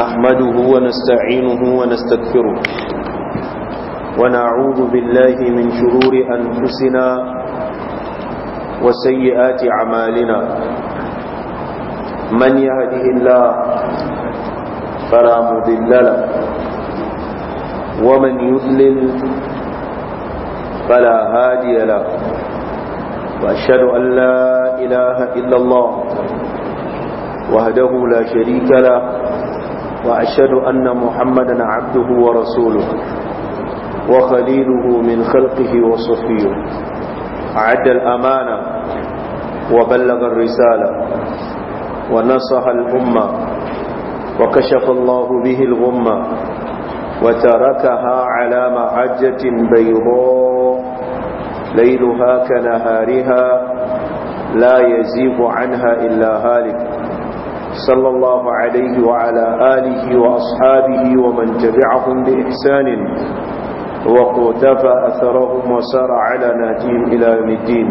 نحمده ونستعينه ونستغفره ونعوذ بالله من شرور أنفسنا وسيئات أعمالنا من يهده الله فلا مضل له ومن يذلل فلا هادي له وأشهد أن لا إله إلا الله وهده لا شريك له وأشهد أن محمدا عبده ورسوله وخليله من خلقه وصفيه أعد الأمانة وبلغ الرسالة ونصح الأمة وكشف الله به الغمة وتركها على معجة بيضاء ليلها كنهارها لا يزيغ عنها إلا هالك صلى الله عليه وعلى آله وأصحابه ومن تبعهم بإحسان وقتفى أثرهم وسار على ناتهم إلى يوم الدين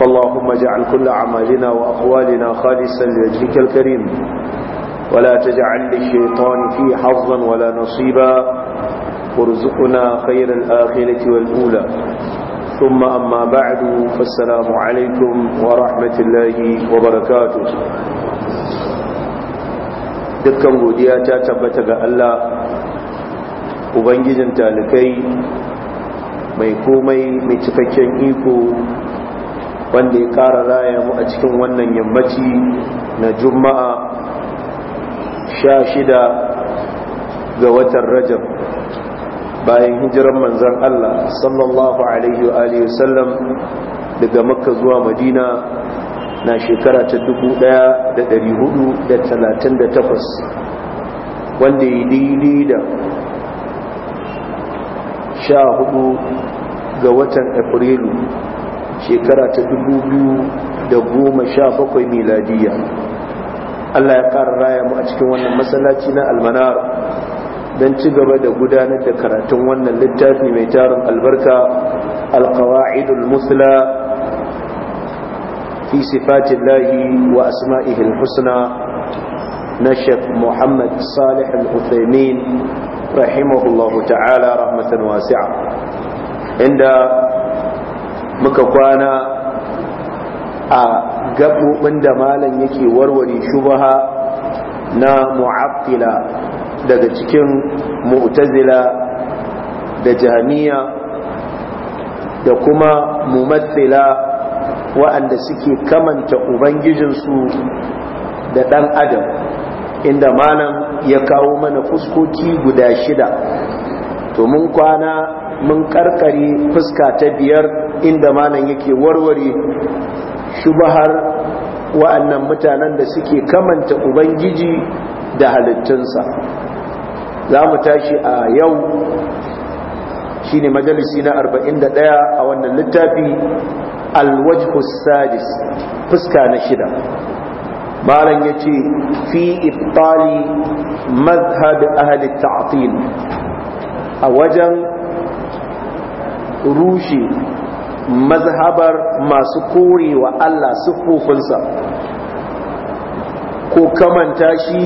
فاللهم اجعل كل أعمالنا وأقوالنا خالصا لوجهك الكريم ولا تجعل للشيطان فيه حظا ولا نصيبا وارزقنا خير الآخرة والأولى ثم أما بعد فالسلام عليكم ورحمة الله وبركاته dukkan godiya ta tabbata ga Allah ubangijin talikai mai komai mai cikakken iko wanda ya kara raya mu a cikin wannan yammaci na juma'a sha shida ga watan rajab bayan hijiran manzan Allah sallallahu alaihi wa sallam, daga makka zuwa madina na shekara ta 1438 wanda ya daidai da 14 ga watan afrilu shekara ta 2017 miladiya Allah ya ƙara raya mu a cikin wannan masallaci na almanar don ci gaba da gudanar da karatun wannan littafi mai tarin albarka alkawa'idul musla في صفات الله وأسمائه الحسنى نشف محمد صالح الأثيمين رحمه الله تعالى رحمة واسعة عند مكفانا a gaɓoɓin da malam yake warware shubaha na mu'attila daga cikin mu'tazila da jami'a da kuma mumatsila wa'anda suke kamanta ubangijinsu da ɗan adam inda malam ya kawo mana fuskoki guda shida to mun kwana mun karkare fuska ta biyar inda malam yake warware shubahar wa'annan mutanen da suke kamanta ubangiji da halittunsa za mu tashi a yau Shi ne majalisi na 41 a wannan littafi alwajhu sadis fuska na shida malam ya ce fi ibtali mazhab ahli ta'til a wajen rushe mazhabar masu korewa Allah siffofinsa ko kamanta shi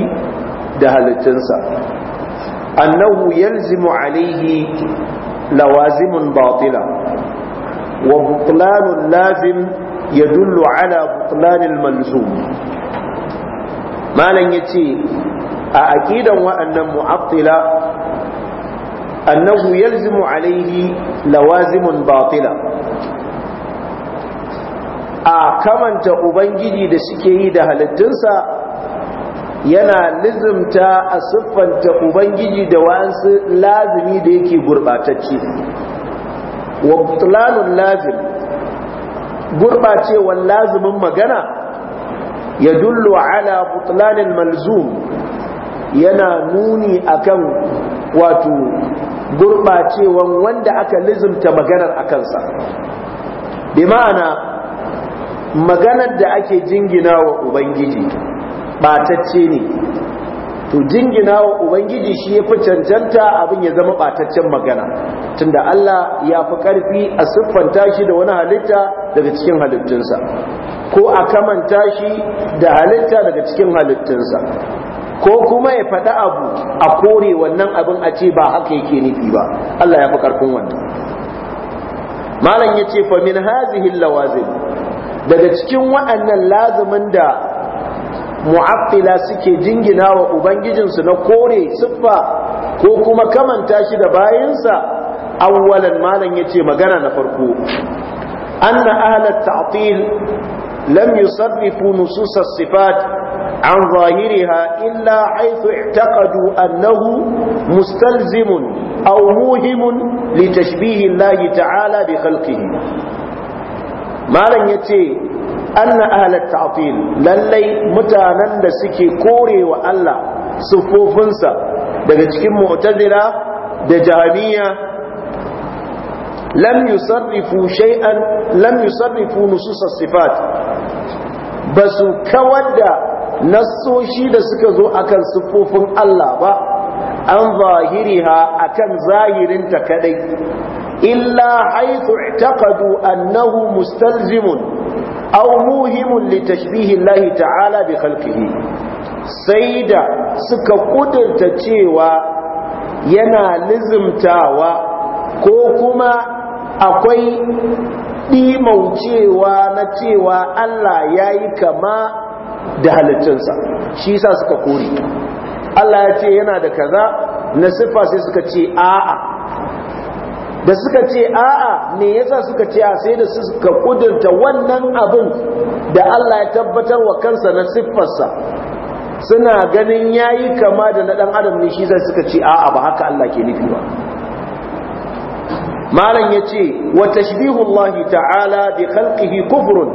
da halittunsa annahu yalzimu alaihi lawazimun batila وبطلان اللازم يدل على بطلان الملزوم ما لن يتي أأكيدا وأن معطلا أنه يلزم عليه لوازم باطلة a kamanta ubangiji da suke yi da halittunsa yana lizimta a siffanta ubangiji da wasu lazimi da yake gurɓatacce wa butlanun lazim gurɓacewar lazimin magana ya dullo ala butlanin malzum yana nuni akan wato gurbacewan wanda aka lizimta maganar a kansa bi ma'ana maganar da ake jingina wa ubangiji ɓatacce ne to jingina wa ubangiji shi ya fi cancanta abin ya zama bataccen magana tunda Allah ya fi karfi a siffanta shi da wani halitta daga cikin halittunsa ko a kamanta shi da halitta daga cikin halittunsa ko kuma ya faɗi abu a kore wannan abin a ce ba haka yake nufi ba Allah ya fi karfin wannan malam ya ce fa min hazihi lawazim daga cikin waɗannan lazumin da mu'attila suke jingina wa su na kore siffa ko kuma kamanta shi da bayansa awwalan malan yace magana na farko anna ahla at-ta'til lam yusarrifu nusus as-sifat an zahiriha illa haythu i'taqadu annahu mustalzimun aw muhimun li tashbihi Allah ta'ala bi khalqihi malan yace anna ahlat ta'til lallai mutanen da suke korewa Allah sufofinsa daga cikin mu'tazila da jahmiya lam yusarrifu shay'an lam yusarrifu nusus as-sifat basu nassoshi da suka zo akan sufofin Allah ba an zahiriha akan zahirinta kadai illa haythu i'taqadu annahu mustalzimun aw muhimun li tashbihi Allah ta'ala bi khalqihi sai da suka kudurta cewa yana lizimtawa ko kuma akwai ɗimaucewa na cewa Allah yayi kama da halittunsa shi sa suka kore Allah ya ce yana da kaza na sifa sai suka ce a'a da suka ce a'a me yasa suka ce a sai da suka kudurta wannan abin da Allah ya tabbatar wa kansa na siffarsa suna ganin yayi kama da na dan adam ne shi zai suka ce a'a ba haka Allah ke nufi ba malam yace wa tashbihullahi ta'ala bi khalqihi kufrun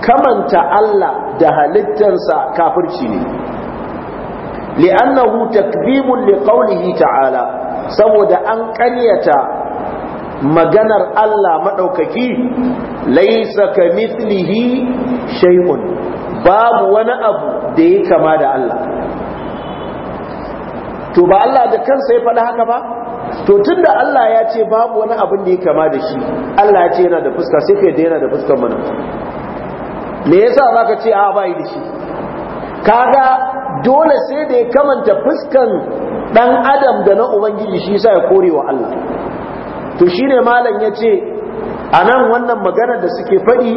kamanta Allah da halittarsa kafirci ne li'annahu li liqawlihi ta'ala saboda an ƙaryata maganar Allah maɗaukaki laisa ka mislihi shay'un babu wani abu da ya kama da Allah to ba Allah da kansa ya faɗi haka ba to tunda Allah ya ce babu wani abin da ya kama da shi Allah ya ce yana da fuska sai kai da yana da fuskar mana me yasa ka ce a bai da shi kaga dole sai da ya kamanta fuskan dan adam da na ubangiji shi sa ya kore wa Allah to shi ne malam ya ce a nan wannan magana da suke faɗi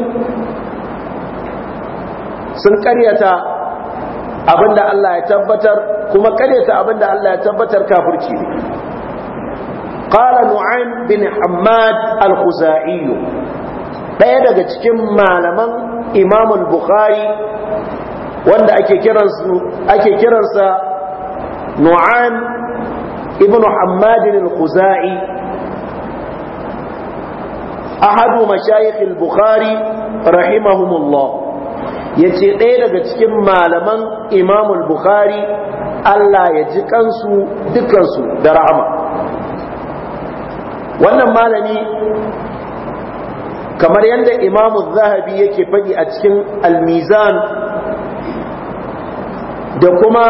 sun karyata abinda Allah ya tabbatar kuma karyata abinda Allah ya tabbatar kafin ne Ƙara nu'an bin Hamad al-khuzai ɗaya daga cikin malaman imam bukhari wanda ake kiransa nu'an ibn hammad al-khuzai ahadu mashayikh al-bukhari rahimahumullah yace ɗaya daga cikin malaman imam bukhari Allah ya ji kansu dukansu da rahama wannan malami kamar yadda imamu zahabi yake faɗi a cikin almizan da kuma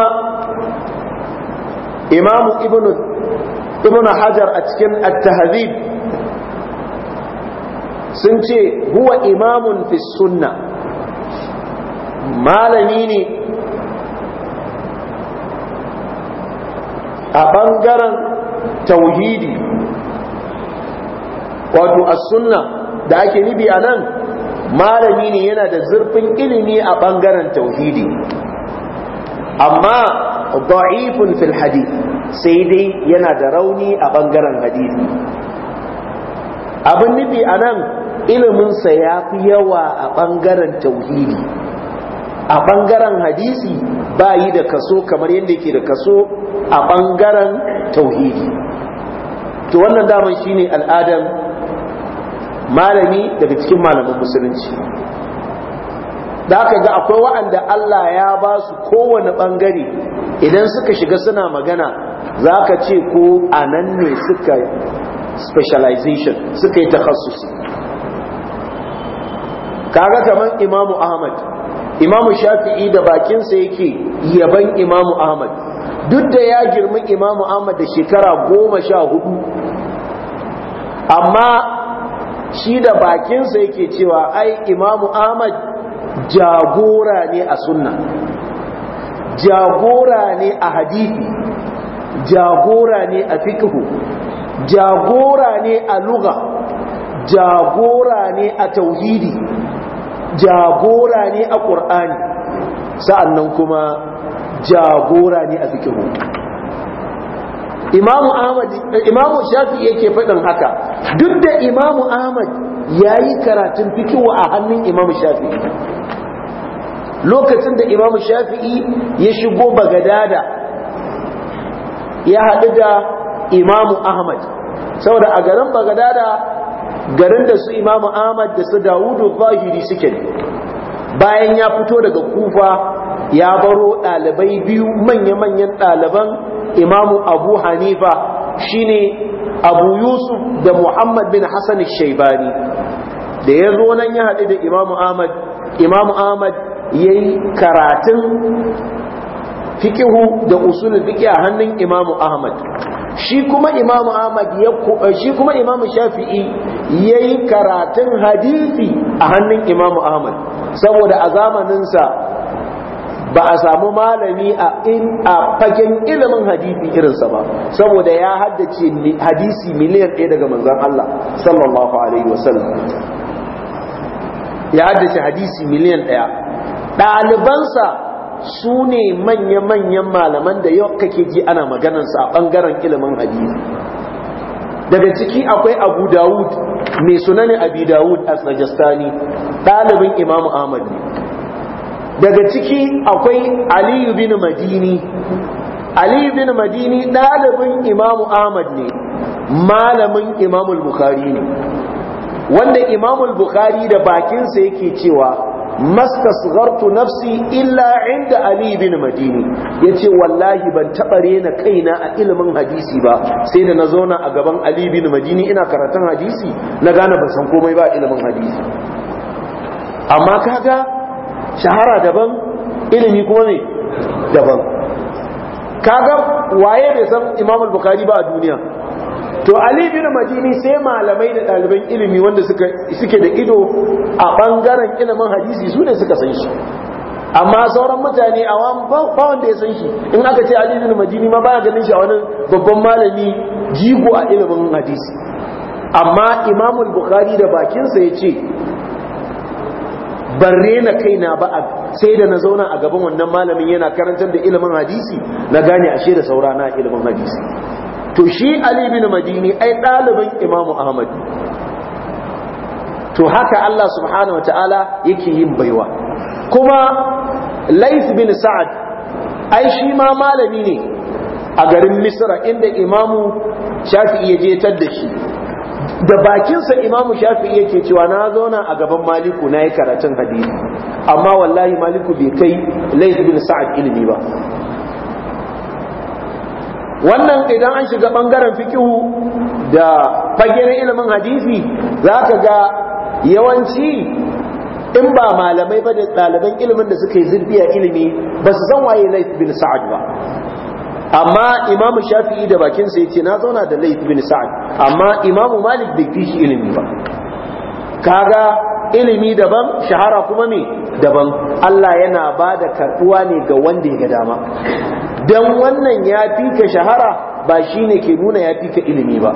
Imam ibn hajar a cikin at-tahzib sun ce huwa imamun fi sunna malami ne a ɓangaren tauhidi wato a sunna da ake nufi a nan malami ne yana da zurfin ilimi a ɓangaren tauhidi amma da'ifun fil hadi, sai dai yana da rauni a ɓangaren hadisi abin nufi a iliminsa ya fi yawa a ɓangaren tauhidi a ɓangaren hadisi ba yi da kaso kamar yadda yake da kaso a ɓangaren tauhidi to wannan daman ne al'adar malami daga cikin malamin musulunci da aka ga akwai wa'anda Allah ya ba su kowane ɓangare idan suka shiga suna magana za ka ce ko a nan ne suka specialization suka yi takhassusi kaga kaman imamu ahmad imamu shafi'i da bakinsa yake yaban imamu ahmad duk da ya girmi imamu ahmad da shekara goma sha hudu amma shi da bakinsa yake cewa ai imamu ahmad jagora ne a sunna jagora ne a hadithi jagora ne a fikihu jagora ne a luga jagora ne a tauhidi jagora ne a ƙur'ani sa'annan kuma jagora ne a fikihu imamu ahmad imamu shafi yake faɗin haka duk da imamu ahmad ya yi karatun fikihu a hannun imamu shafi lokacin da imamu shafi'i ya shigo bagadada ya haɗu da imamu ahmad saboda a garin bagadada garin da su imamu ahmad da su dawudu zahiri suke bayan ya fito daga kufa ya baro ɗalibai biyu manya-manyan ɗaliban imamu abu hanifa shine abu yusuf da muhammad bin hassan shaibani da ya zo nan ya haɗu da imamu ahmad imamu ahmad ya yi karatun fikihu da usulun fiƙi a hannun imamu ahmad shi kuma imamu ahmad ya eh, shi kuma imamu shafi'i yayi karatun hadisi a hannun imamu ahmad saboda a zamanin sa ba a samu malami a in a fagen ilimin hadisi irin sa ba saboda ya haddace hadisi miliyan ɗaya daga manzon Allah sallallahu alaihi wasallam ya haddace hadisi miliyan ɗaya ɗalibansa su ne manya-manyan malaman da yau kake ji ana maganansa a ɓangaren ilimin hadisi daga ciki akwai abu dawud mai sunani abu dawud a sajastani ɗalibin imamu ahmad ne daga ciki akwai aliyu bin madini aliyu bin madini ɗalibin imamu ahmad ne malamin imamul bukhari ne wanda imamul bukhari da bakinsa yake cewa mastasghartu nafsi illa inda ali bin madini yace wallahi ban taba rena kaina a ilimin hadisi ba sai da na zauna a gaban ali bin madini ina karatun hadisi na gane ban san komai ba ilimin hadisi amma kaga shahara daban ilimi kuma ne daban kaga waye bai san imam al-bukhari ba a duniya to ali bin madini sai malamai da ɗaliban ilimi wanda suke da ido a bangaren ilimin hadisi su ne suka san shi amma sauran mutane a ba wanda ya san shi in aka ce ali bin madini ma baya ganin shi a wani babban malami jigo a ilimin hadisi amma imamul bukhari da bakinsa ya ce ban rena kaina ba sai da na zauna a gaban wannan malamin yana karantar da ilimin hadisi na gane ashe da saurana ilimin hadisi to shi ali bin madini ai ɗaliban imamu ahmad to haka Allah subhanahu wataala yake yin baiwa kuma Laif bin Sa'ad ai shi ma malami ne a garin Misra inda imamu Shafi'i ya jetar da shi da bakinsa imamu Shafi'i yake cewa na zauna a gaban Maliku na yi karatun hadisi amma wallahi Maliku bai kai Laif bin Sa'ad ilimi ba wannan idan an shiga bangaren fikihu da fagen ilimin hadisi za ka ga yawanci in ba malamai ba da ɗaliban ilimin da suka yi zirbiya ilimi ba su san waye laif bin sa'ad ba amma imamu shafi'i da bakinsa ya ce na zauna da laif bin sa'ad amma imamu malik bai fi shi ilimi ba kaga ilimi daban shahara kuma me daban Allah yana ba da karɓuwa ne ga wanda ya ga dama dan wannan ya fi ka shahara ba shine ke nuna ya fi ka ilimi ba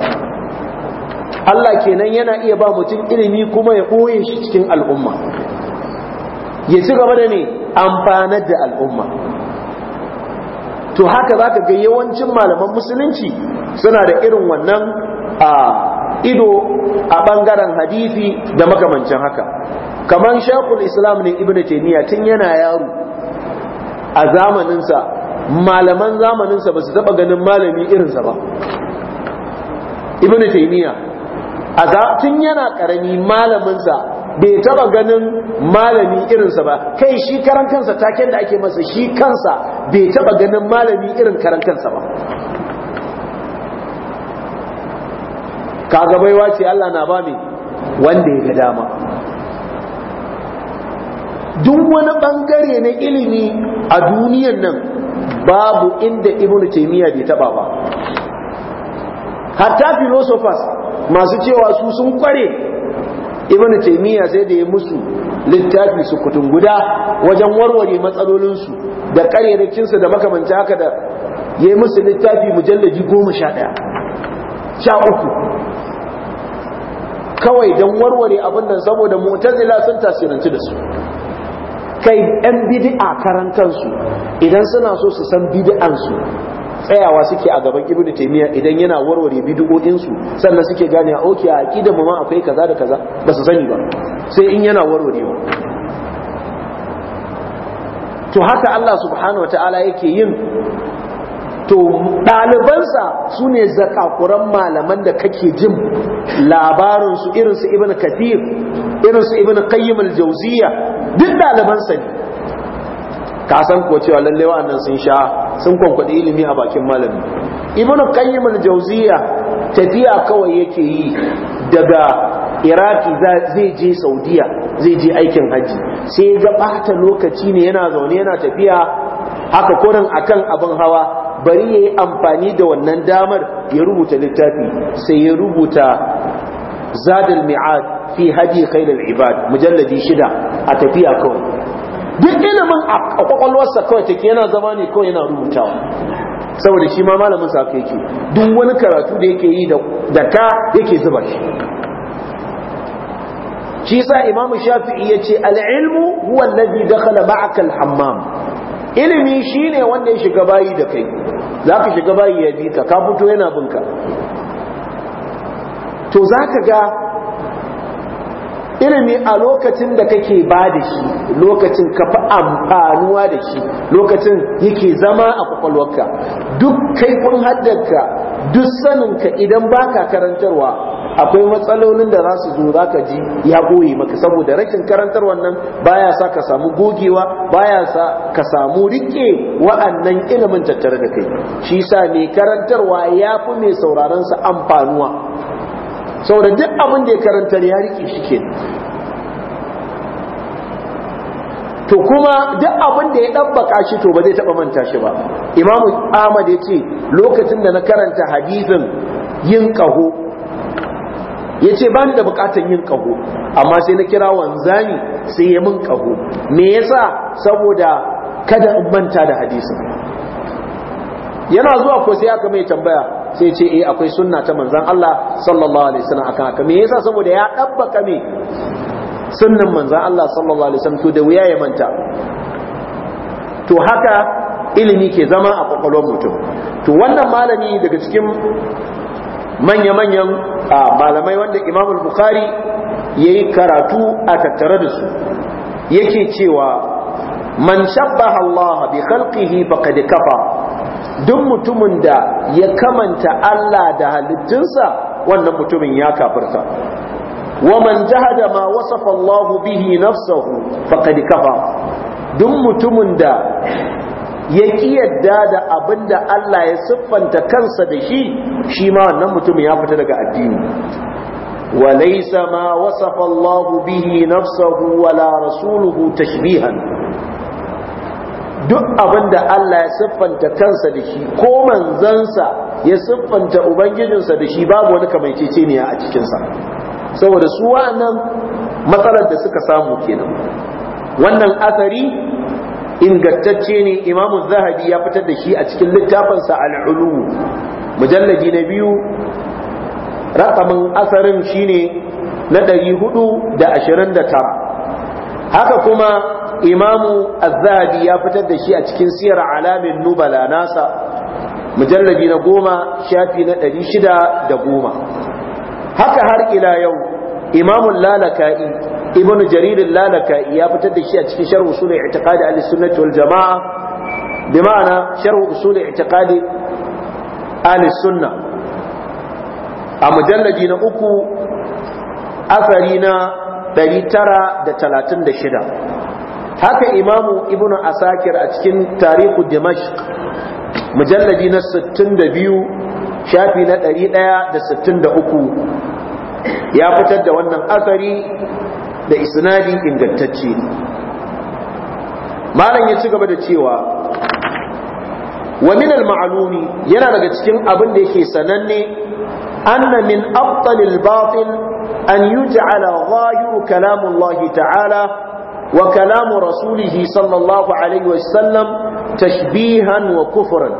Allah kenan yana iya ba mutum ilimi kuma ya ɓoye shi cikin al'umma ya ci gaba da ne amfanar da al'umma to haka za ka ga yawancin malaman musulunci suna da irin wannan a ido a ɓangaren hadisi da makamancin haka kamar shakul islam ne ibn taymiya tun yana yaro a zamaninsa malaman zamaninsa ba su taɓa ganin malami irinsa ba ibn taymiya a tun yana karami malaminsa bai taɓa ganin malami irinsa ba kai shi karan taken da ake masa shi kansa bai taɓa ganin malami irin karan sa ba kaga baiwa ce Allah na ba mai wanda ya ga dama duk wani bangare na ilimi a duniyan nan babu inda ibnu taymiya bai taba ba hatta philosophers masu cewa su sun kware ibnu taymiya sai da ya musu littafi su kutun guda wajen warware matsalolinsu da su da makamanta haka da yayi yi musu littafi mujallaji goma sha ɗaya uku kawai don warware abin nan saboda mutazila sun tasiranci da su kai yan bid'a karan kansu idan suna so su san bid'ansu tsayawa suke a gaban da taymiya idan yana warware bid'o'in sannan suke gane oke a aqidar mu ma akwai kaza da kaza ba su sani ba sai in yana warwarewa to haka Allah subhanahu wataala yake yin to ɗalibansa su ne zakakuran malaman da kake jin labarinsu irinsu ibn kathir irinsu ibn qayyim al duk ɗalibansa ne ka san ko cewa lalle wa'annan sun sha sun kwankwada ilimi a bakin malami ibn qayyim al tafiya kawai yake yi daga iraki zai je saudiya zai je aikin hajji sai ya ga ɓata lokaci ne yana zaune yana tafiya haka kurin akan abin hawa bari ya yi amfani da wannan damar ya rubuta littafi sai ya rubuta zadal mi'ad fi hadi khairul ibad mujalladi shida a tafiya kawai duk ilimin a kwakwalwarsa kawai take yana zama ne kawai yana rubutawa saboda shi ma malamin sa haka yake duk wani karatu da yake yi da ka yake zuba shi shi yasa imamu shafi'i ya ce al'ilmu huwa alladhi dakhala ma'aka al-hammam ilimi shine wanda ya shiga bayi da kai za ka shiga bayi ya bi ka ka yana bin to za ka ga ilimi a lokacin da kake ba da shi lokacin ka fi amfanuwa da shi lokacin yake zama a kwakwalwarka duk kaifin haddarka duk saninka idan baka karantarwa akwai matsalolin da za su zo za ka ji ya ɓoye maka saboda rashin karantar wannan baya sa ka samu gogewa baya sa ka samu rike wa'annan ilimin tattare da kai shi sa mai karantarwa ya fi mai sauraron sa amfanuwa saboda duk abin da ya karantar ya rike shi ke to kuma duk abin da ya dabbaka shi to ba zai taba manta shi ba imamu ahmad ya ce lokacin da na karanta hadisin yin kaho ya ce ba da bukatan yin kaho amma sai na kira wanzani sai ya min kaho me yasa saboda kada in manta da hadisin yana zuwa ko sai aka mai tambaya sai ce eh akwai sunna ta manzon Allah sallallahu alaihi wasallam akan haka me yasa saboda ya dabbaka me sunnan manzan Allah sallallahu alaihi wasallam to da wuya ya manta to haka ilimi ke zama a kwakwalwar mutum to wannan malami daga cikin manya-manyan malamai wanda imam bukhari ya yi karatu a tattare da su yake cewa man shabbaha Allah bi khalqihi faqad kafa duk mutumin da ya kamanta Allah da halittunsa wannan mutumin ya kafirta ومن جهد ما وصف الله به نفسه فقد كفر دم متمن دا yaki yadda da abinda Allah ya siffanta kansa da shi shi ma wannan mutumin ya fita daga addini walaysa ma wasafa Allah bihi nafsahu wala rasuluhu tashbihan duk abinda Allah ya siffanta kansa da shi ko manzansa ya siffanta ubangijinsa da shi babu wani kamaiceceniya a cikin sa saboda su wannan matsalar da suka samu kenan wannan asari ingantacce ne imamu zahabi ya fitar da shi a cikin littafinsa al'ulu mujalladi na biyu rakamin asarin shine na 429 haka kuma imamu az-zahabi ya fitar da shi a cikin siyar alamin nubala nasa mujalladi na goma shafi na 610 haka har ila yau imamun lalaka'i ibnu jaririn lalaka'i ya fitar da shi a cikin sharhu usulun i'tiqad al-sunnah wal jamaa bi ma'ana sharhu usulun i'tiqad al-sunnah a mujallaji na uku asari na 936 haka imamu ibnu asakir a cikin tarihu dimashq mujallaji na 62 shafi na 163 ya fitar da wannan asari da isnadi ingantacce malam ya ci gaba da cewa wa min al-ma'lumi yana daga cikin abin da yake sananne anna min abtalil batil an yuj'ala zahiru kalamullahi ta'ala wa kalamu rasulihi sallallahu alaihi wa sallam tashbihan wa kufran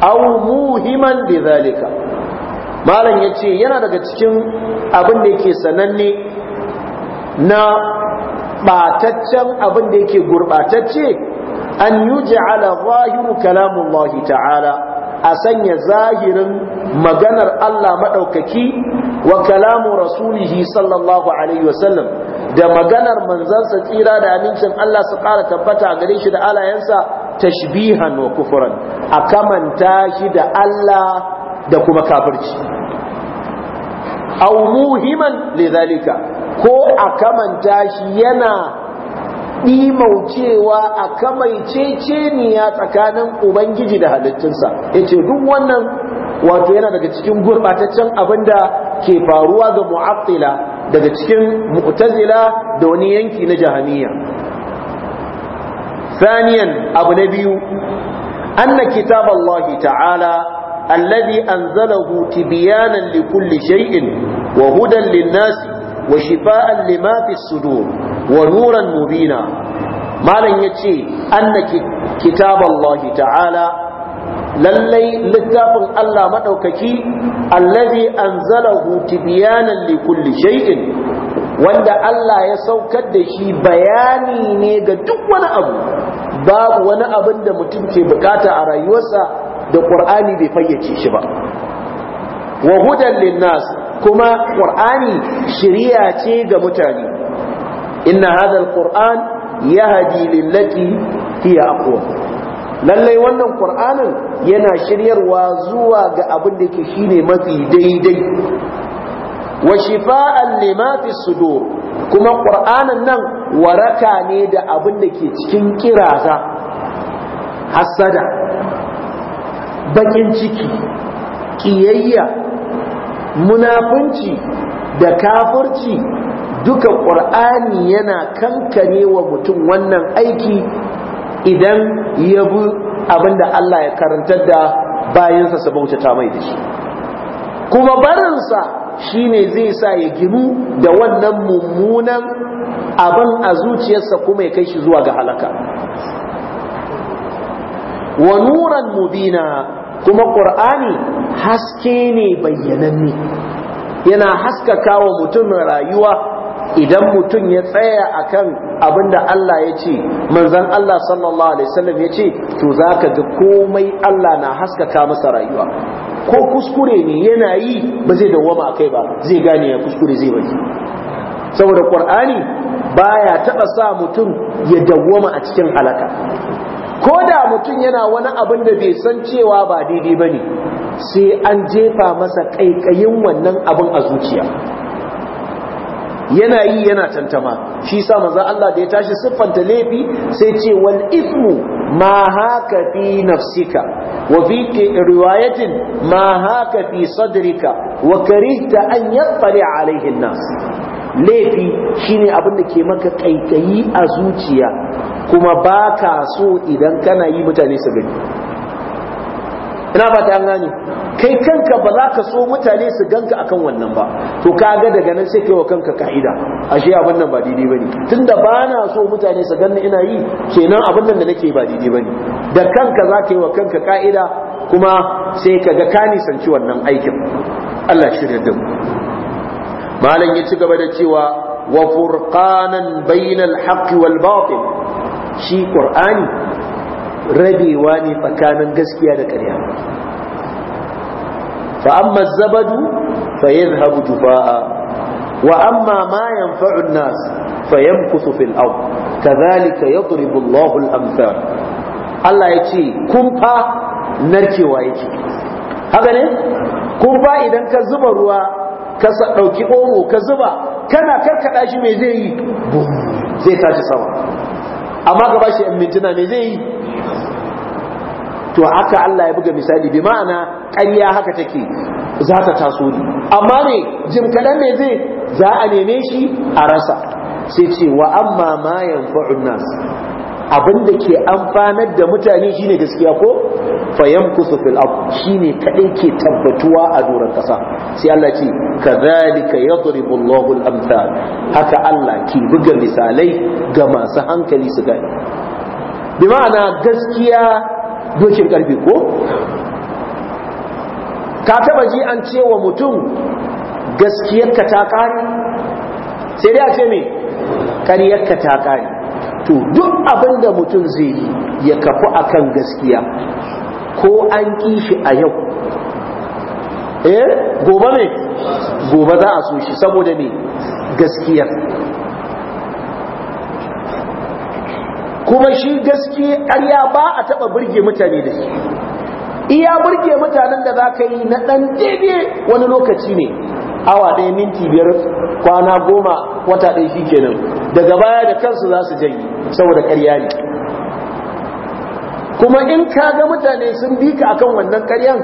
aw muhiman bi zalika malam yace yana daga cikin abin da yake sananne na bataccen abin da yake gurbatacce an yuj'ala zahiru kalamullahi ta'ala a sanya zahirin maganar Allah maɗaukaki wa kalamu rasulihi sallallahu alaihi wasallam da maganar manzansa tsira da amincin Allah su ƙara tabbata a gare shi da alayensa tashbihan wa kufran a kamanta shi da Allah da kuma kafirci au muhiman lidhalika ko a kamanta shi yana ɗimaucewa a kamaiceceniya tsakanin ubangiji da halittunsa ya duk wannan wato yana daga cikin gurɓataccen abin da ke faruwa ga mu'attila daga cikin mu'tazila da wani yanki na jahaniya ثانيا أبو نبي أن كتاب الله تعالى الذي أنزله تبيانا لكل شيء وهدى للناس وشفاء لما في الصدور ونورا مبينا ما لن يتشي أن كتاب الله تعالى lallai littafin Allah maɗaukaki allazi anzalahu tibyanan li kulli shay'in wanda Allah ya saukar da shi bayani ne ga duk wani abu babu wani abin da mutum ke bukata a rayuwarsa da qur'ani bai fayyace shi ba wa hudan linnas kuma ƙwar'ani shirya ce ga mutane inna hadha ya yahdi lillati hiya akuwa. lallai wannan ƙwar'anin yana shiryarwa zuwa ga abin da ke shi ne mafi daidai wa shifa'an mafi su sudur kuma ƙur'anin nan waraka ne da abin da ke cikin ƙirasa hassada baƙin ciki ƙiyayya munafunci da kafurci duka ƙur'ani yana kankane wa mutum wannan aiki idan ya bi abin da Allah ya karantar da bayansa su ta mai da shi kuma barinsa Shi ne zai sa ya ginu da wannan mummunan abin a zuciyarsa kuma ya kai shi zuwa ga halaka wa nuran mubina kuma ƙur'ani haske ne bayyananne yana haskaka wa mutum rayuwa idan mutum ya tsaya akan abin da Allah ya ce manzon Allah sallallahu alaihi wasallam ya ce to za ka ga komai Allah na haskaka masa rayuwa ko kuskure ne yana yi ba zai dawwama a kai ba zai gane ya kuskure zai bari saboda qur'ani baya taɓa sa mutum ya dawwama a cikin halaka ko da mutum yana wani abin da bai san cewa ba daidai ba ne sai an jefa masa ƙaiƙayin wannan abin a zuciya yana yi yana tantama shi sa maza Allah da ya tashi siffanta laifi sai ce wal ismu ma haka fi nafsika wa fi riwayatin ma haka fi sadrika wa karihta an yattali a an-nas laifi shine abin da ke maka kaikayi a zuciya kuma baka so idan kana yi mutane su gani ina ba ta gane kai kanka ba za ka so mutane su ganka akan wannan ba to kaga daga nan sai kai wa kanka ka'ida ashe abin nan ba daidai bane tunda ba na so mutane su ganni ina yi kenan abin nan da nake ba daidai bane da kanka za ka yi wa kanka ka'ida kuma sai ka ga ka nisanci wannan aikin Allah shirya da mu malam ya ci gaba da cewa wa furqanan bainal haqqi wal batil shi qur'ani rabewa ne tsakanin gaskiya da ƙarya fa amma zabadu fa yadhhabu jufaa wa amma ma yanfa'u an-nas fa yamkuthu fil ard kadhalika yadribu Allahu al-amthal Allah yace kumfa narkewa yake haka ne kumfa idan ka zuba ruwa ka dauki omo ka zuba kana karkada shi me zai yi zai tashi sama amma gaba bashi 'yan mintuna me zai yi to haka Allah ya buga misali bi ma'ana ƙarya haka take za ta taso ne amma ne jim kaɗan ne zai za a neme shi a rasa sai ce wa amma ma yanfa'un nas abinda ke amfanar da mutane shine gaskiya ko fayamkusu fil ard shine kadai ke tabbatuwa a doron kasa sai Allah ce kadhalika yadribu Allahu al-amthal haka Allah ke buga misalai ga masu hankali su gani bi ma'ana gaskiya dokin karfe ko ka taba ji an ce wa mutum gaskiyarka ta kare sai dai a ce me karyarka ta kare to duk abin da mutum zai yi ya kafu akan gaskiya ko an kishi a yau eh gobe ne gobe za a so shi saboda ne gaskiyar. kuma shi gaske ƙarya ba a taɓa burge mutane da shi iya burge mutanen da za ka yi na ɗan daidai wani lokaci ne awa ɗaya minti biyar kwana goma wata ɗaya shi kenan daga baya da kansu za su janye saboda ƙarya ne kuma in ka ga mutane sun bi ka akan wannan ƙaryan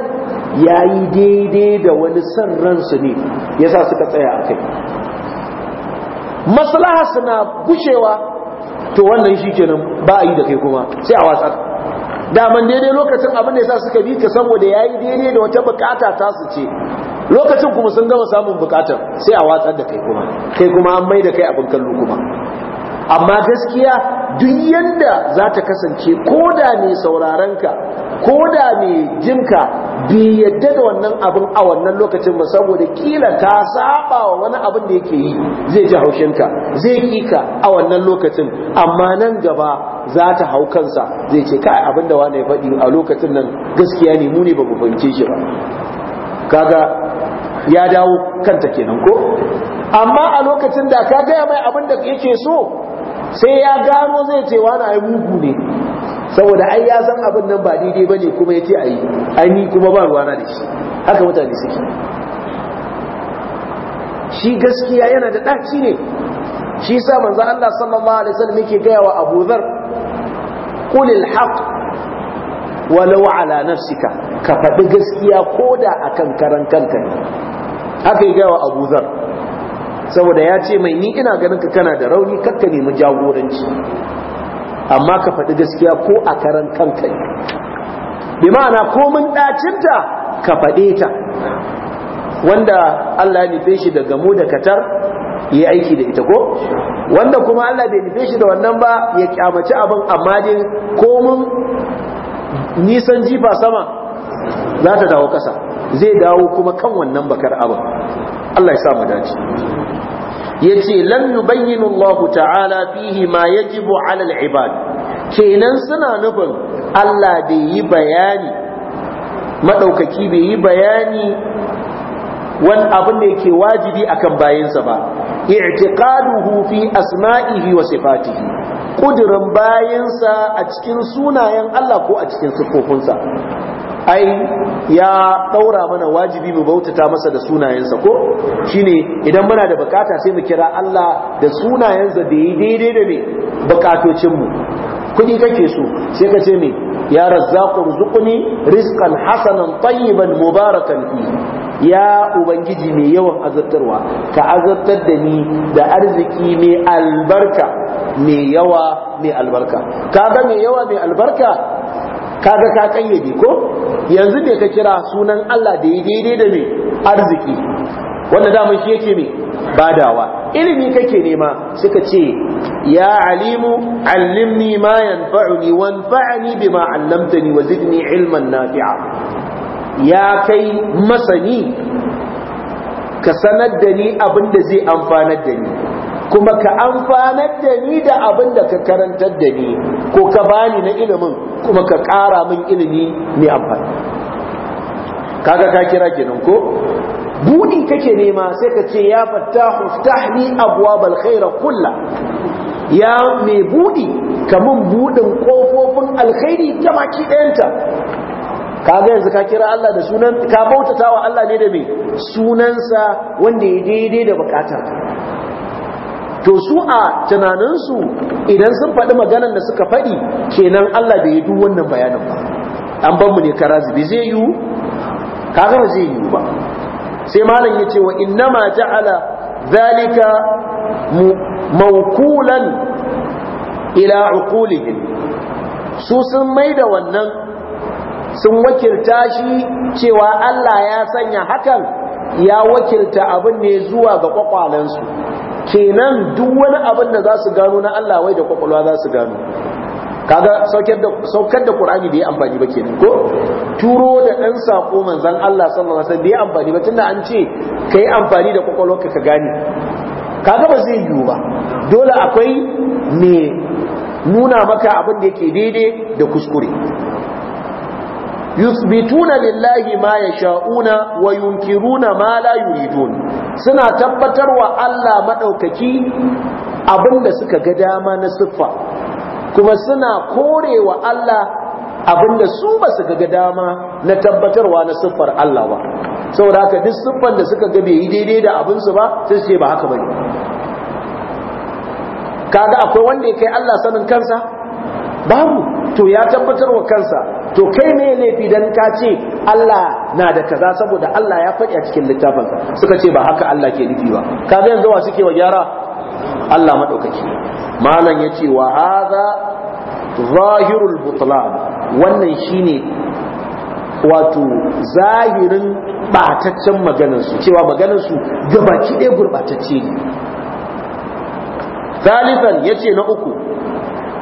ya yi daidai da wani son ransu ne ya sa suka tsaya a kai maslaha suna gushewa to wannan shi kenan ba a yi da kai kuma sai a wasa daman daidai lokacin abin da ya sa suka bi ka saboda yayi daidai da wata bukata ta su ce lokacin kuma sun gama samun bukatar sai a watsar da kai kuma kai kuma an mai da kai abin kallo kuma amma gaskiya duk yadda za ta kasance ko da mai saurarenka ko da mai jinka bai yadda da wannan abin a wannan lokacin ba saboda kila ta saba wa wani abin da yake yi zai ji haushinka zai kika a wannan lokacin amma nan gaba za ta hau kansa zai ce kai abin da wani ya faɗi a lokacin nan gaskiya ne mu ne ba mu fahimce shi ba kaga ya dawo kanta kenan ko amma a lokacin da ka gaya mai abin da yake so sai ya gano zai ce wani ai mugu ne saboda ai ya san abin nan ba daidai bane kuma yace ai ai ni kuma ba ruwana da shi haka mutane suke shi gaskiya yana da ɗaci ne shi sa manzo Allah sallallahu alaihi wasallam yake gaya wa Abu Dharr qul al-haq walau ala nafsika ka faɗi gaskiya koda akan karan kanka ne haka ya gaya wa Abu Dharr saboda ya ce mai ni ina ganin ka kana da rauni kakka nemi jagoranci amma ka faɗi gaskiya ko a karan kanka ne bi ma'ana mun ɗacinta ka faɗe ta wanda Allah ya nufe shi da gamo da katar yi aiki da ita ko wanda kuma Allah bai nufe shi da wannan ba ya kyamaci abin amma dai mun nisan jifa sama za ta dawo ƙasa zai dawo kuma kan wannan bakar abin Allah ya sa mu dace yace lam yubayyinu Allah ta'ala fihi ma yajibu 'ala al-ibad kenan suna nufin Allah bai yi bayani madaukaki bai yi bayani wani abin da yake wajibi akan bayinsa ba i'tiqaduhu fi asma'ihi wa sifatihi kudirin bayinsa a cikin sunayen Allah ko a cikin siffofinsa ai ya daura mana wajibi mu bautata masa da sunayensa ko shine idan muna da bukata sai mu kira Allah da sunayensa da yi daidai da me bukatocin mu kudi kake so sai ka ce me ya razzaqu rzuqni rizqan hasanan tayyiban mubarakan fi ya ubangiji mai yawan azartarwa ka azartar da ni da arziki mai albarka mai yawa mai albarka kaga mai yawa mai albarka kaga ka kayyade ko yanzu ne ka kira sunan Allah da ya daidai da mai arziki wanda dama shi yake mai badawa ilimi kake nema suka ce ya alimu allimni ma yanfa'uni wanfa'ni bima 'allamtani wa zidni ilman nafi'a ya kai masani ka sanar da ni abin da zai amfanar da ni kuma ka amfanar da ni da abin da ka karantar da ni ko ka bani na ilimin kuma ka ƙara min ilimi mai amfani kaga ka kira kenan ko budi kake nema sai ka ce ya fattahu ftahli abwabal khair kullu ya mai budi kamun budin kofofin alkhairi ta baki ɗayanta kaga yanzu ka kira Allah da sunan ka bautata wa Allah ne da me sunansa wanda ya daidai da bukatar to su a tunaninsu idan sun faɗi maganar da suka faɗi kenan Allah bai yi duk wannan bayanin ba an ban mu ne karazi bai zai yiwu kaga ba zai yi ba sai malam ya ce wa ma ja'ala zalika mawkulan ila uqulihim su sun da wannan sun wakilta shi cewa Allah ya sanya hakan ya wakilta abin ne zuwa ga kwakwalansu kenan duk wani abin da za su gano na Allah wai da kwakwalwa za su gano kaga saukar da ƙur'ani da ya amfani ba kenan ko turo da ɗan sako manzan Allah sallallahu alaihi da bai amfani ba tunda an ce ka yi amfani da kwakwalwarka ka gane kaga ba zai yiwu ba dole akwai mai nuna maka abin da yake daidai da kuskure yusbituna lillahi ma yasha'una wa yunkiruna ma la yuridun suna tabbatarwa Allah madaukaki abinda suka ga dama na siffa kuma suna korewa Allah abinda su ba su ga dama na tabbatarwa na siffar Allah ba saboda haka duk siffan da suka ga bai daidai da abin su ba sai su ce ba haka bane kaga akwai wanda ya kai Allah sanin kansa babu to ya tabbatar wa kansa to kai me laifi dan ka ce Allah na da kaza saboda Allah ya faɗi a cikin littafinsa suka ce ba haka Allah ke nufi ba ka ga yanzu wa suke wa gyara Allah madaukaki malam yace wa hadha zahirul butlan wannan shine wato zahirin bataccen maganarsu cewa maganarsu gabaki ɗaya gurbatacce ne ثالثا يتي نأكو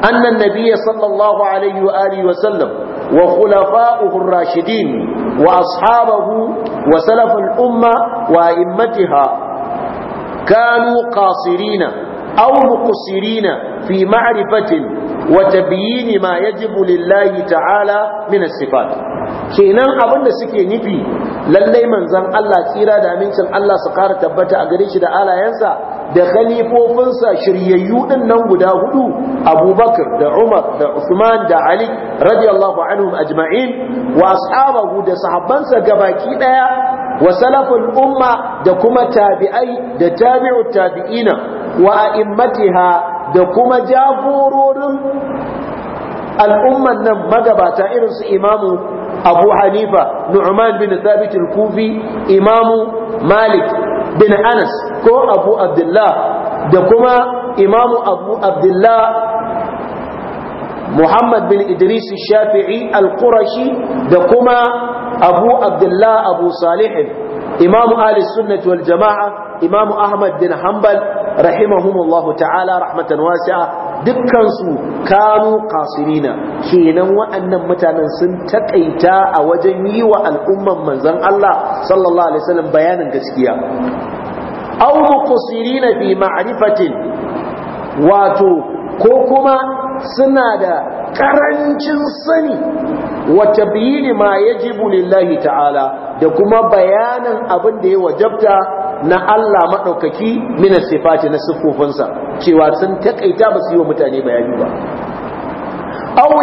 أن النبي صلى الله عليه وآله وسلم وخلفاؤه الراشدين وأصحابه وسلف الأمة وأئمتها كانوا قاصرين أو مقصرين في معرفة wa tabiyini ma yajibu lillahi ta'ala min sifat kenan abin da suke nufi lallai manzan Allah tsira da amincin Allah su kara tabbata a gare shi da alayansa da khalifofinsa shiryayyu din nan guda hudu Abubakar da Umar da Usman da Ali radiyallahu anhum ajma'in wa ashabahu da sahabbansa gabaki daya wa salaful umma da kuma tabi'ai da tabi'ut tabi'ina wa a'immatiha da kuma jagororin al'ummar nan magabata irin su imamu abu hanifa nu'man bin thabit al-kufi imamu malik bin anas ko abu abdullah da kuma imamu abu abdullah muhammad bin idris shafi'i al-qurashi da kuma abu abdullah abu salih imamu ahli sunnati waljama'a imam imamu ahmad bin hambal rahimahumullahu ta'ala rahmatan wasi'a dukkansu kanu kasirina kenan wa'annan mutanen sun takaita a wajen yi wa al'umman manzon Allah sallallahu alaihi wasallam bayanin gaskiya aw muqsirina fi ma'rifatin wato ko kuma suna da ƙarancin sani biyi ne ma yajibu lillahi ta'ala da kuma bayanin abin da ya wajabta na Allah maɗaukaki mina sifati na siffofinsa cewa sun taƙaita ba su yi wa mutane bayani ba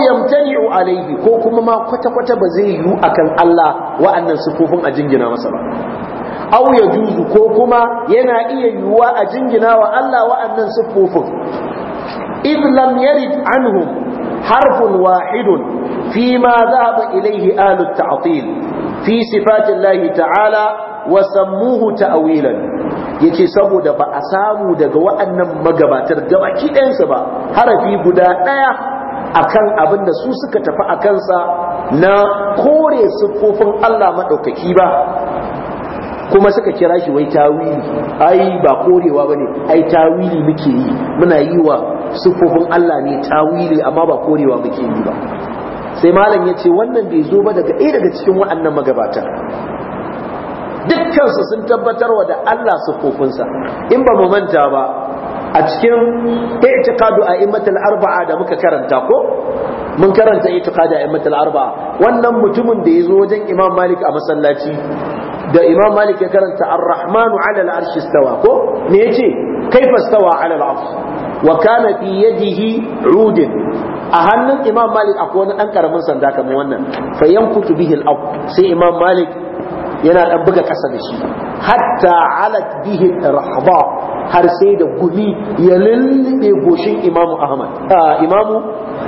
yamtani u alaihi ko kuma ma kwata kwata ba zai yiwu akan Allah wa'annan sifofin a jingina masa ba ya juzu ko kuma yana iya yiwuwa a jingina wa Allah wa'annan siffofin idh lam yarid anhum harfun wahidun fi ma dhahaba ilayhi ahlu at fi sifatillahi ta'ala wa sammuhu ta'wilan yace saboda ba a samu daga waɗannan magabatar gabaki ɗayansu ba harafi guda ɗaya akan abin da su suka tafi a kansa na kore siffofin Allah maɗaukaki ba kuma suka kira shi wai tawili ai ba korewa bane ai tawili muke yi muna yi wa sufofin Allah ne tawili amma ba korewa muke yi ba sai malam ya ce wannan bai zo ba daga ɗaya daga cikin wa'annan magabata dukkansu sun tabbatar wa da Allah sufofinsa in ba mu manta ba a cikin i'tiqadu a'immatul arba'a da muka karanta ko mun karanta i'tiqadu a'immatul arba'a wannan mutumin da yazo wajen Imam Malik a masallaci da Imam Malik ya karanta Ar-Rahmanu 'ala al-'arshi istawa ko me yace kaifa istawa 'ala al-'arsh wa kana fi yadihi 'udun a hannun Imam Malik akwai wani dan karamin sanda kamar wannan fa yankutu bihi al sai Imam Malik yana dan buga kasa da shi hatta alat bihi rahba har sai da gumi ya lullube goshin imamu ahmad imamu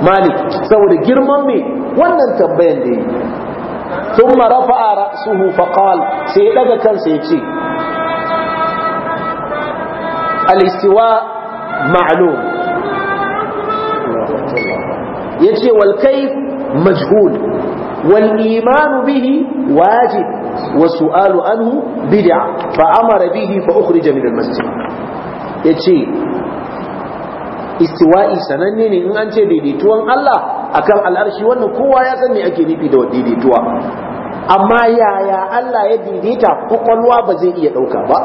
malik saboda girman me wannan tambayan da yi ثم رفع رأسه فقال al-istiwa ma'lum yace wal kayf majhul wal iman bihi wajib والسؤال عنه بدعة فأمر به فأخرج من المسجد يتشي istiwa'i sananne ne in an ce daidaituwan Allah akan al'arshi wannan kowa ya san me ake nufi da daidaituwa amma yaya Allah ya daidaita kwakwalwa ba zai iya ɗauka ba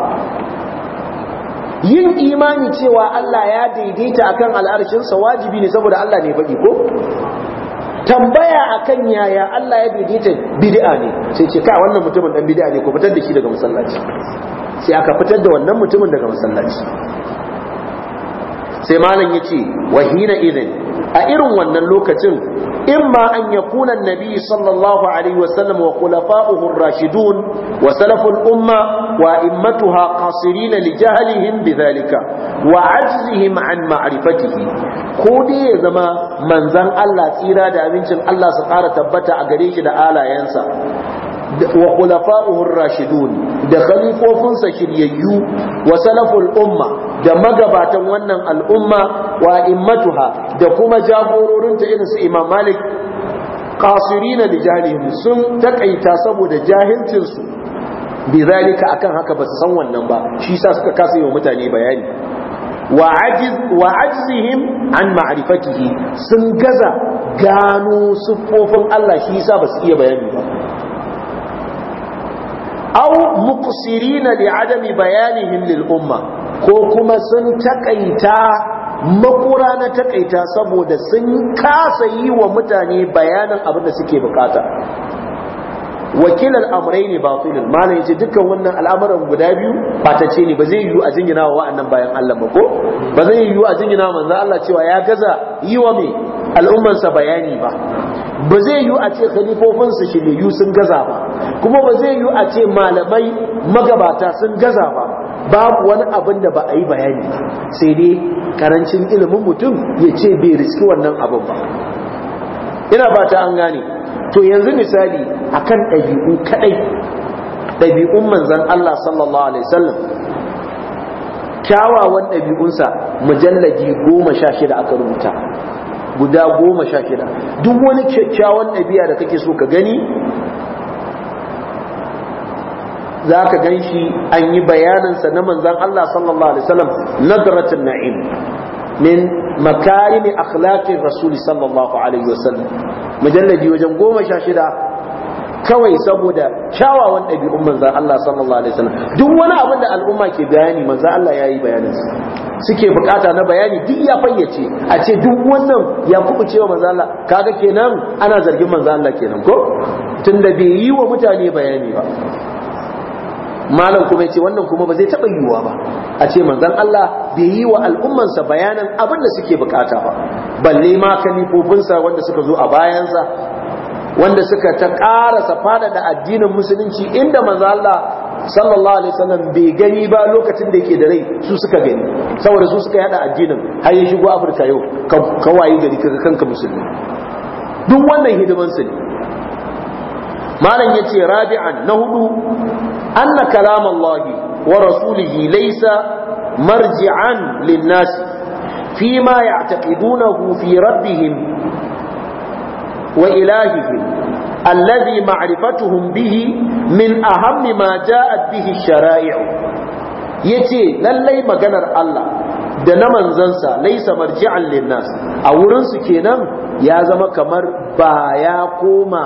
yin imani cewa Allah ya daidaita akan al'arshinsa wajibi ne saboda Allah ne baƙi ko tambaya akan yaya Allah ya daidaita bid'a ne sai ce kai wannan mutumin dan bid'a ne ko fitar da shi daga masallaci sai aka fitar da wannan mutumin daga masallaci sai malam yace wahina irin. a irin wannan lokacin imma an yakuna annabi sallallahu alaihi wasallam wa khulafa'uhu ar-rashidun wa salaful umma wa immatuha qasirin li jahlihim zalika wa ajzihim an ma'rifatihi ko dai ya zama manzan Allah tsira da abincin Allah su ƙara tabbata a gare shi da alayensa wa khulafa'uhu rashidun da khalifofinsa shiryayyu wa salaful umma da magabatan wannan al'umma wa immatuha da kuma jagororinta irin su Imam Malik qasirina li jahlihim sun takaita saboda jahilcin su bi zalika akan haka ba su san wannan ba shi yasa suka kasa yi wa mutane bayani wa ajiz wa ajzihim an ma'rifatihi sun gaza gano siffofin Allah shi yasa ba su iya bayani ba aw muqsirina li'adami bayanihim lil umma ko kuma sun takaita makura na takaita saboda sun kasa yi wa mutane bayanin abin da suke bukata wakilan amrai ne ba filin malam yace dukkan wannan al'amuran guda biyu ba ta ce ne ba zai yiwu a jingina wa wa'annan bayan Allah ba ko ba zai yiwu a jingina manzo Allah cewa ya gaza yi wa me al'ummansa bayani ba ba zai yi a ce khalifofinsu shiryayyu sun gaza ba kuma ba zai yi a ce malamai magabata sun gaza ba babu wani abin da ba a yi bayani sai dai karancin ilimin mutum ya ce bai riski wannan abin ba ina ba ta an gane to yanzu misali akan ɗabi'u kaɗai ɗabi'un manzan Allah sallallahu alaihi wasallam kyawawan ɗabi'unsa mujalladi goma sha shida aka rubuta guda goma sha shida duk wani kyakkyawan ɗabi'a da kake so ka gani za ka gan shi an yi bayaninsa na manzan Allah sallallahu alaihi wasallam nadratun na'im min makarimi akhlaqin rasuli sallallahu alaihi wasallam mujalladi wajen goma sha shida kawai saboda kyawawan ɗabi'un manzan Allah sallallahu alaihi wasallam duk wani abin da al'umma ke bayani manzan Allah ya yi bayanin suke bukata na bayani duk ya fayyace a ce duk wannan ya kuɓu cewa manzan Allah kaga kenan ana zargin manzan Allah kenan ko tunda bai yi wa mutane bayani ba malam kuma ya ce wannan kuma ba zai taɓa yiwuwa ba a ce manzan Allah bai yi wa al'ummansa bayanan abin da suke bukata ba balle ma kanifofinsa wanda suka zo a bayansa wanda suka ta ƙarasa fada da addinin musulunci inda manzo sallallahu alaihi wasallam bai gani ba lokacin da yake da rai su suka gani saboda su suka yada addinin har ya shigo Afirka yau ka wayi gari ka kanka musulmi duk wannan hidiman su ne malam yace rabi'an na hudu anna kalamallahi wa rasulihi laysa marji'an lin-nas fima ya'taqidunahu fi rabbihim وإلههم الذي معرفتهم به من أهم ما جاءت به الشرائع yace lallai maganar Allah da na manzansa laisa marji'an linnas a wurin su kenan ya zama kamar ba ya koma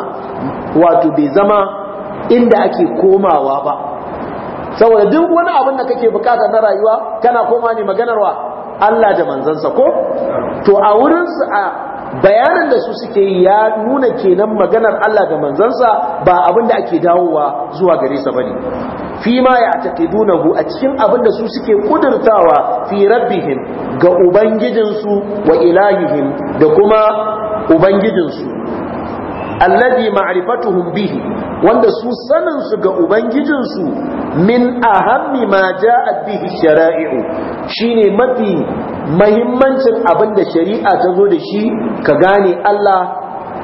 wato bai zama inda ake komawa ba saboda duk wani abin da kake bukata na rayuwa kana koma ne maganarwa Allah da manzansa ko to a wurin su a Bayanan da su suke yi ya nuna kenan maganar Allah da manzansa ba abin da ake dawowa zuwa gare sa bane fi ma ya taqidunahu a cikin abin da su suke kudurtawa fi rabbihim ga ubangijinsu wa ilahihim da kuma ubangijinsu alladi ma'rifatuhum bihi wanda su sanin su ga ubangijinsu min ahammi ma ja'at bihi shara'i'u shine mafi mahimmancin abin da shari'a ta zo da shi ka gane Allah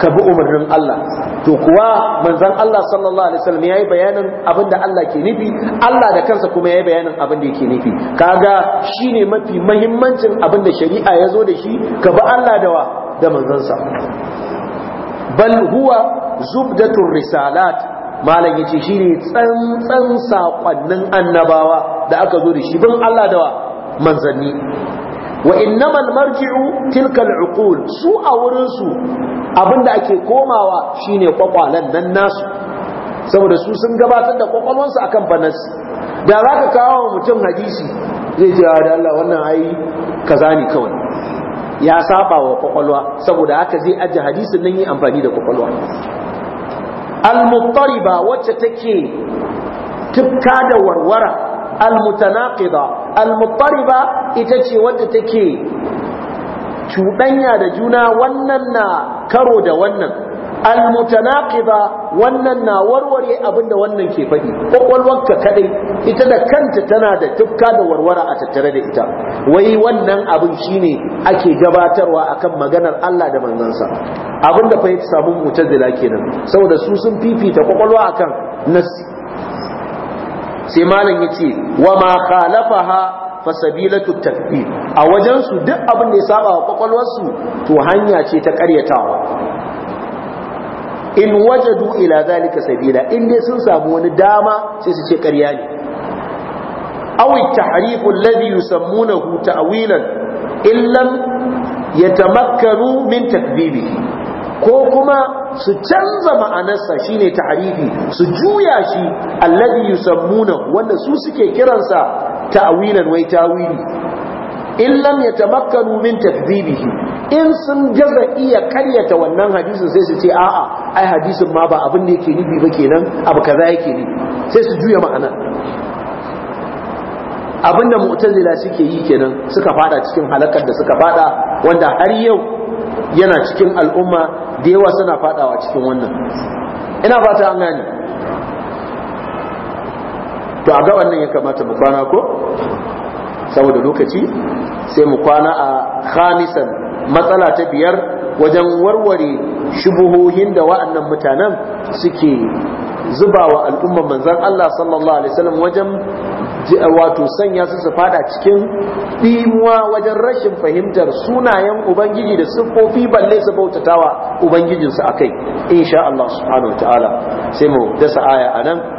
ka bi umarnin Allah to kuwa manzon Allah sallallahu alaihi wasallam yayi bayanin abin da Allah ke nufi Allah da kansa kuma yayi bayanin abin da yake nufi kaga shine mafi mahimmancin abin da shari'a ya zo da shi ka bi Allah da wa da manzansa bal huwa zubdatur risalat malam yace shine tsantsan sakonnin annabawa da aka zo da shi bin Allah da manzanni wa innamal marji'u tilka al'uqul su a wurin su abinda ake komawa shine kwakwalan nan nasu saboda su sun gabatar da su akan fanasi da za kawo mutum hadisi zai ji ah, da Allah wannan ai kaza ne kawai ya saba wa kwakwalwa saboda haka zai ajiye hadisin nan yi amfani da kwakwalwa al-muttariba wacce take tufka da warwara al-mutanaqida al-muttariba ita ce wacce take cuɗanya da juna wannan na karo da wannan almutanaqida wannan na warware abinda wannan ke faɗi kwakwalwarka kadai ita da kanta tana da tukka da warwara a tattare da ita wai wannan abin shine ake gabatarwa akan maganar Allah da manzansa abinda fa yake samu mutazila kenan saboda su sun fifita kwakwalwa akan nassi sai malam yace wa ma khalafaha sabilatu takfir a wajen su duk abin da ya saba wa su to hanya ce ta karyatawa in wajadu ila zalika sabila in dai sun samu wani dama sai su ce ƙarya ne aw at-tahrif alladhi yusammunahu ta'wilan in yatamakkaru min takdhibihi ko kuma su canza ma'anarsa shine ta'rifi su juya shi alladhi yusammunahu wanda su suke kiransa ta'wilan wai tawili in lam yatamakkanu min takdhibihi in sun gaza iya karyata wannan hadisin sai su ce a'a ai hadisin ma ba abin da yake nufi ba kenan abu kaza yake nufi sai su juya ma'ana abinda mu'tazila suke yi kenan suka fada cikin halakar da suka fada wanda har yau yana cikin al'umma da yawa suna fadawa cikin wannan ina fata an gane to a ga wannan ya kamata mu kwana ko saboda lokaci sai mu kwana a khamisan matsala ta biyar wajen warware shubuhohin da wa'annan mutanen suke zubawa al'umma manzan Allah sallallahu alaihi wasallam wajen wato sanya su su fada cikin dimuwa wajen rashin fahimtar sunayen ubangiji da siffofi balle su bautatawa ubangijinsu akai insha Allah subhanahu wataala sai mu dasa aya anan